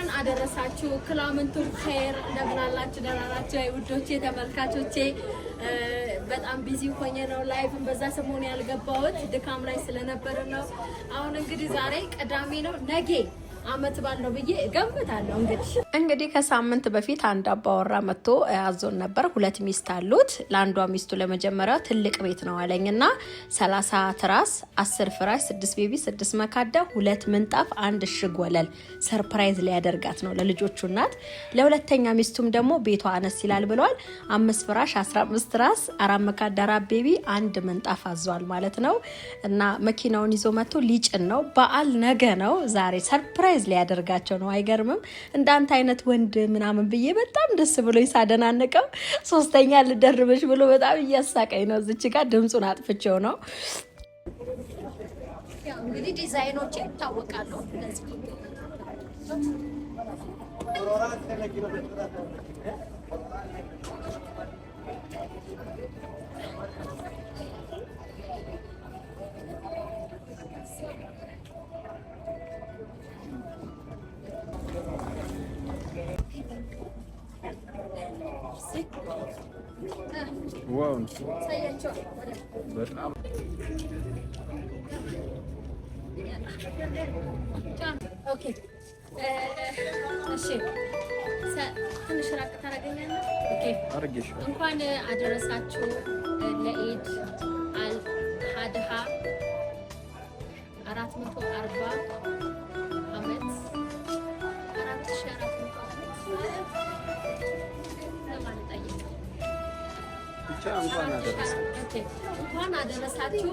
እንኳን አደረሳችሁ። ክላምንቱን ኸይር እንደምን አላችሁ? ደህና ናችሁ? ውዶቼ ተመልካቾቼ፣ በጣም ቢዚ ሆኜ ነው ላይቭን በዛ ሰሞን ያልገባሁት ድካም ላይ ስለነበረ ነው። አሁን እንግዲህ ዛሬ ቅዳሜ ነው ነጌ። አመት ባለው ብዬ እገምታለሁ። እንግዲህ እንግዲህ ከሳምንት በፊት አንድ አባወራ መጥቶ አዞን ነበር። ሁለት ሚስት አሉት። ለአንዷ ሚስቱ ለመጀመሪያው ትልቅ ቤት ነው አለኝ እና ሰላሳ ትራስ፣ አስር ፍራሽ፣ ስድስት ቤቢ፣ ስድስት መካዳ፣ ሁለት ምንጣፍ፣ አንድ እሽግ ወለል ሰርፕራይዝ ሊያደርጋት ነው ለልጆቹ እናት። ለሁለተኛ ሚስቱም ደግሞ ቤቷ አነስ ይላል ብለዋል። አምስት ፍራሽ፣ አስራ አምስት ትራስ፣ አራት መካዳ፣ አራት ቤቢ፣ አንድ ምንጣፍ አዟል ማለት ነው እና መኪናውን ይዞ መጥቶ ሊጭን ነው። በዓል ነገ ነው ዛሬ ሰርፕራይዝ ሰርፕራይዝ ሊያደርጋቸው ነው። አይገርምም? እንዳንተ አይነት ወንድ ምናምን ብዬ በጣም ደስ ብሎ ሳደናነቀው ሶስተኛ ልደርብሽ ብሎ በጣም እያሳቀኝ ነው። እዚች ጋር ድምፁን አጥፍቼው ነው እንግዲህ ዲዛይኖች ይታወቃሉ። እነዚህ ትንሽ ራቅ ታደርገኛለህ። እንኳን አደረሳችሁ ለኢድ አል አድሃ አራት መቶ አርባ ብቻ እንኳን አደረሳችሁ።